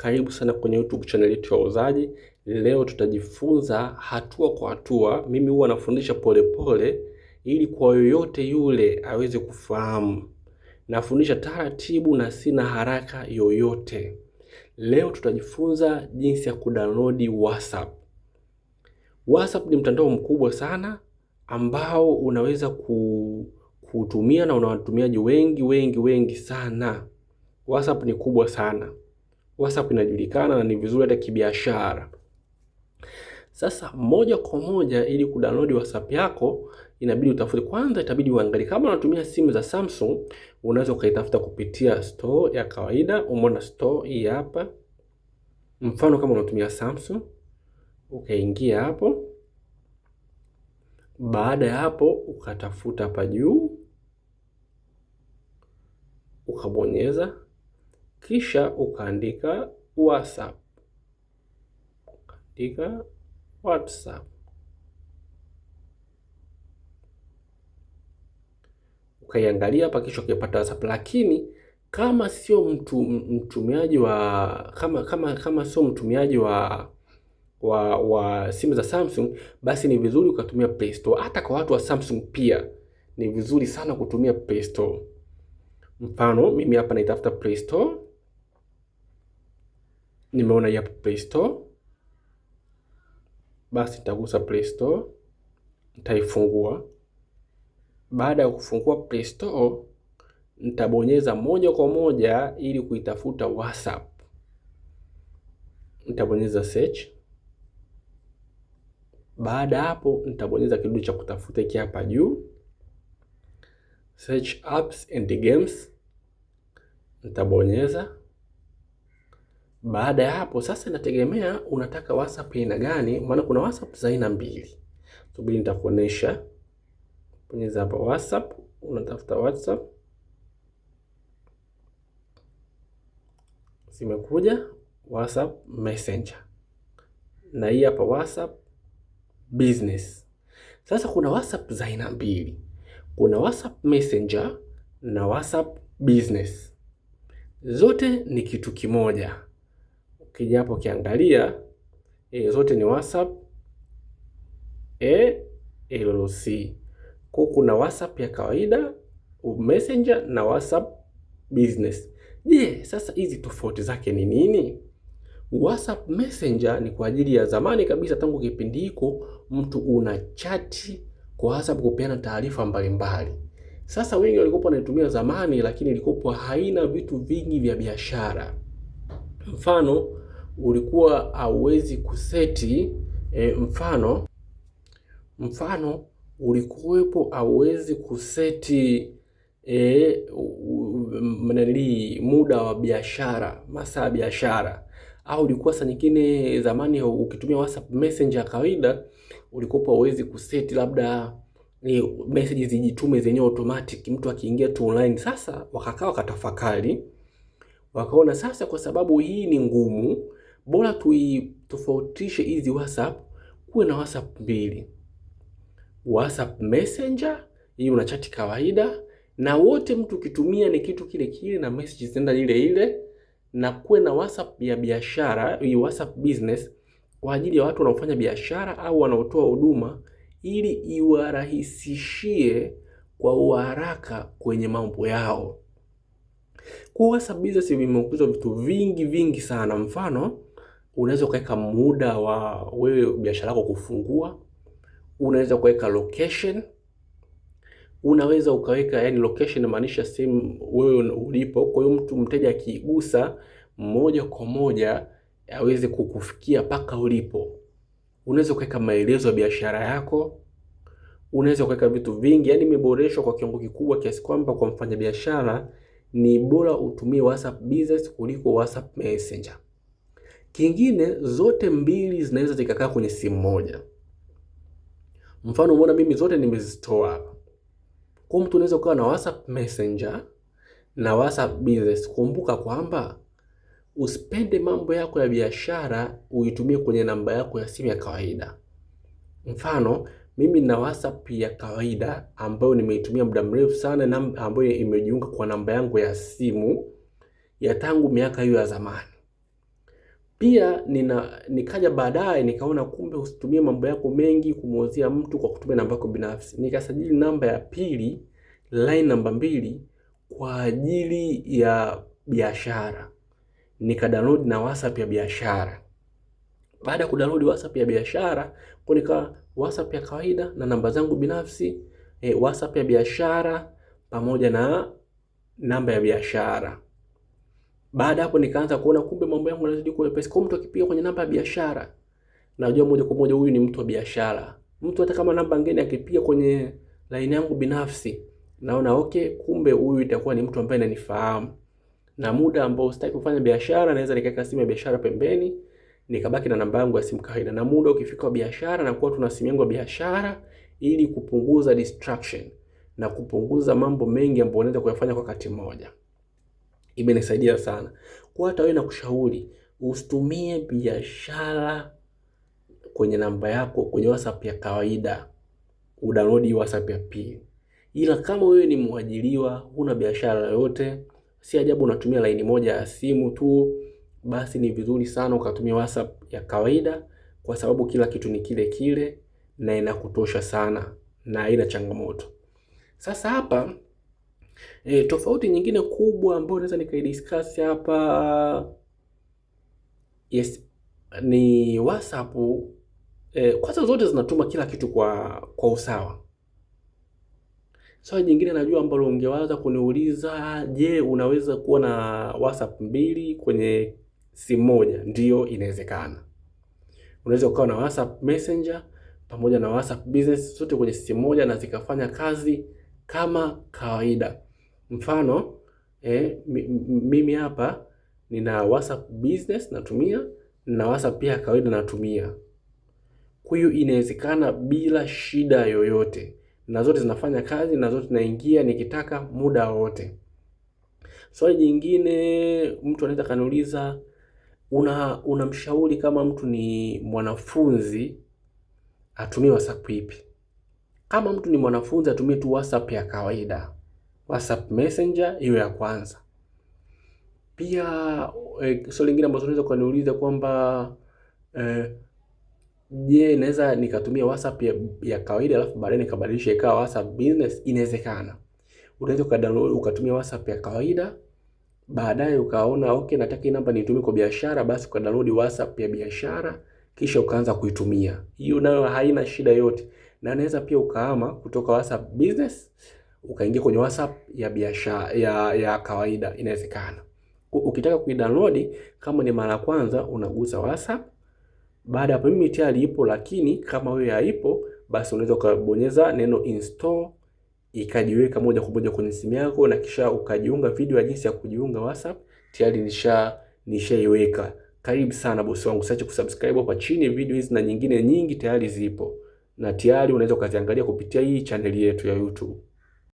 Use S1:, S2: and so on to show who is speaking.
S1: Karibu sana kwenye YouTube channel yetu ya Wauzaji. Leo tutajifunza hatua kwa hatua, mimi huwa nafundisha polepole, ili kwa yoyote yule aweze kufahamu. Nafundisha taratibu na sina haraka yoyote. Leo tutajifunza jinsi ya kudownload WhatsApp. WhatsApp ni mtandao mkubwa sana ambao unaweza kuutumia na una watumiaji wengi wengi wengi sana. WhatsApp ni kubwa sana. WhatsApp inajulikana na ni vizuri hata kibiashara. Sasa moja kwa moja, ili kudownload WhatsApp yako inabidi utafute kwanza, itabidi uangalie kama unatumia simu za Samsung, unaweza ukaitafuta kupitia store ya kawaida. Umeona store hii hapa, mfano kama unatumia Samsung ukaingia hapo. Baada ya hapo, ukatafuta hapa juu ukabonyeza kisha ukaandika WhatsApp, ukaandika WhatsApp, ukaiangalia hapa, kisha ukipata WhatsApp. Lakini kama sio mtu mtumiaji wa kama kama kama sio mtumiaji wa wa wa simu za Samsung, basi ni vizuri ukatumia Play Store. Hata kwa watu wa Samsung pia ni vizuri sana kutumia Play Store. Mfano mimi hapa naitafuta Play Store nimeona hii hapo Play Store, basi nitagusa Play Store, nitaifungua. Baada ya kufungua Play Store, nitabonyeza moja kwa moja ili kuitafuta WhatsApp. Nitabonyeza search. Baada hapo, nitabonyeza kidudu cha kutafuta hiki hapa juu, search apps and games, nitabonyeza baada ya hapo sasa, inategemea unataka WhatsApp aina gani, maana kuna WhatsApp za aina mbili. Subiri nitakuonesha. Bonyeza hapa WhatsApp, unatafuta WhatsApp, zimekuja WhatsApp Messenger na hii hapa WhatsApp Business. Sasa kuna WhatsApp za aina mbili, kuna WhatsApp Messenger na WhatsApp Business, zote ni kitu kimoja. Ukija hapo ukiangalia e, zote ni WhatsApp e, eh, LLC. Kwa kuna WhatsApp ya kawaida Messenger na WhatsApp Business. Je, sasa hizi tofauti zake ni nini? WhatsApp Messenger ni kwa ajili ya zamani kabisa, tangu kipindi hiko mtu una chati kwa WhatsApp kupeana taarifa mbalimbali. Sasa wengi walikuwa wanatumia zamani, lakini ilikuwa haina vitu vingi vya biashara. Mfano, ulikuwa hauwezi kuseti e, mfano mfano ulikuwepo hauwezi kuseti e, eh, mnalii muda wa biashara, masaa ya biashara au ulikuwa saa nyingine zamani ukitumia WhatsApp messenger kawaida ulikuwa hauwezi kuseti labda e, message zijitume zenyewe automatic mtu akiingia tu online. Sasa wakakaa wakatafakari, wakaona sasa, kwa sababu hii ni ngumu bora tuitofautishe hizi WhatsApp, kuwe na WhatsApp mbili, WhatsApp Messenger hii una chati kawaida na wote, mtu ukitumia ni kitu kile kile na message zinaenda ile ile, na kuwe na WhatsApp ya biashara, hii WhatsApp business kwa ajili ya watu wanaofanya biashara au wanaotoa huduma, ili iwarahisishie kwa uharaka kwenye mambo yao. Kwa WhatsApp business vimeongezwa vitu vingi vingi sana, mfano unaweza ukaweka muda wa wewe biashara yako kufungua, unaweza ukaweka location, unaweza ukaweka yani, location inamaanisha sehemu wewe ulipo. Kwa hiyo mtu mteja akiigusa moja kwa moja aweze kukufikia paka ulipo. Unaweza ukaweka maelezo ya biashara yako, unaweza ukaweka vitu vingi, yani imeboreshwa kwa kiwango kikubwa kiasi kwamba kwa mfanyabiashara ni bora utumie WhatsApp Business kuliko WhatsApp Messenger. Kingine zote mbili zinaweza zikakaa kwenye simu moja. Mfano umeona mimi zote nimezitoa hapa. Kwa mtu unaweza ukawa na WhatsApp Messenger na WhatsApp Business. Kumbuka kwamba usipende mambo yako ya biashara uitumie kwenye namba yako ya simu ya kawaida. Mfano mimi na WhatsApp ya kawaida ambayo nimeitumia muda mrefu sana na ambayo imejiunga kwa namba yangu ya simu ya tangu miaka hiyo ya zamani. Pia nina nikaja baadaye nikaona kumbe usitumie mambo yako mengi kumuuzia mtu kwa kutumia namba yako binafsi. Nikasajili namba ya pili, line namba mbili kwa ajili ya biashara. download na WhatsApp ya biashara. Baada ya kudownload WhatsApp ya biashara, kwa nika WhatsApp ya kawaida na namba zangu binafsi, eh, WhatsApp ya biashara pamoja na namba ya biashara. Baada hapo nikaanza kuona kumbe mambo yangu yanazidi kuwa mepesi. Kwa mtu akipiga kwenye namba ya biashara, najua moja kwa moja huyu ni mtu wa biashara. Mtu hata kama namba ngeni akipiga kwenye line yangu binafsi, naona okay, kumbe huyu itakuwa ni mtu ambaye ananifahamu. Na muda ambao sitaki kufanya biashara, naweza nikaweka simu ya biashara pembeni, nikabaki na namba yangu ya simu kawaida. Na muda ukifika wa biashara, na kuwa tuna simu yangu ya biashara ili kupunguza distraction na kupunguza mambo mengi ambayo unaweza kuyafanya kwa wakati mmoja imenisaidia sana. Kwa hata wewe nakushauri usitumie biashara kwenye namba yako kwenye WhatsApp ya kawaida, udownload WhatsApp ya pili. Ila kama wewe ni mwajiriwa, huna biashara yoyote, si ajabu unatumia laini moja ya simu tu, basi ni vizuri sana ukatumia WhatsApp ya kawaida, kwa sababu kila kitu ni kile kile na inakutosha sana na haina changamoto. Sasa hapa E, tofauti nyingine kubwa ambayo naweza nikaidiscuss hapa yes, ni WhatsApp e, kwanza zote zinatuma kila kitu kwa kwa usawa. Swali so, jingine najua ambalo ungewaza kuniuliza, je, unaweza kuwa na WhatsApp mbili kwenye simu moja? Ndiyo, inawezekana. Unaweza ukawa na WhatsApp Messenger pamoja na WhatsApp Business zote kwenye simu moja na zikafanya kazi kama kawaida. Mfano eh, mimi hapa nina WhatsApp business natumia na WhatsApp pia kawaida natumia. Kuyu inawezekana bila shida yoyote, na zote zinafanya kazi na zote naingia nikitaka muda wote. Swali jingine mtu anaweza kaniuliza, una unamshauri kama mtu ni mwanafunzi atumie WhatsApp ipi? Kama mtu ni mwanafunzi atumie tu WhatsApp ya kawaida. WhatsApp Messenger hiyo ya kwanza. Pia eh, swali lingine ambalo unaweza kuniuliza kwamba e, je, naweza nikatumia WhatsApp ya, ya kawaida alafu baadaye nikabadilisha ikawa WhatsApp Business? Inawezekana. Unaweza ukadownload ukatumia WhatsApp ya kawaida baadaye ukaona okay, nataka hii namba nitumie kwa biashara, basi download WhatsApp ya biashara kisha ukaanza kuitumia. Hiyo nayo haina shida yote, na unaweza pia ukahama kutoka WhatsApp Business ukaingia kwenye WhatsApp ya biashara ya, ya kawaida inawezekana. Ukitaka kuidownload kama ni mara ya kwanza unagusa WhatsApp. Baada ya hapo mimi tayari ipo, lakini kama wewe haipo basi unaweza ukabonyeza neno install ikajiweka moja kwa moja kwenye simu yako na kisha ukajiunga. Video ya jinsi ya kujiunga WhatsApp tayari nisha nishaiweka. Karibu sana bosi wangu, usiache kusubscribe hapa chini. Video hizi na nyingine nyingi tayari zipo na tayari unaweza ukaziangalia kupitia hii chaneli yetu ya YouTube.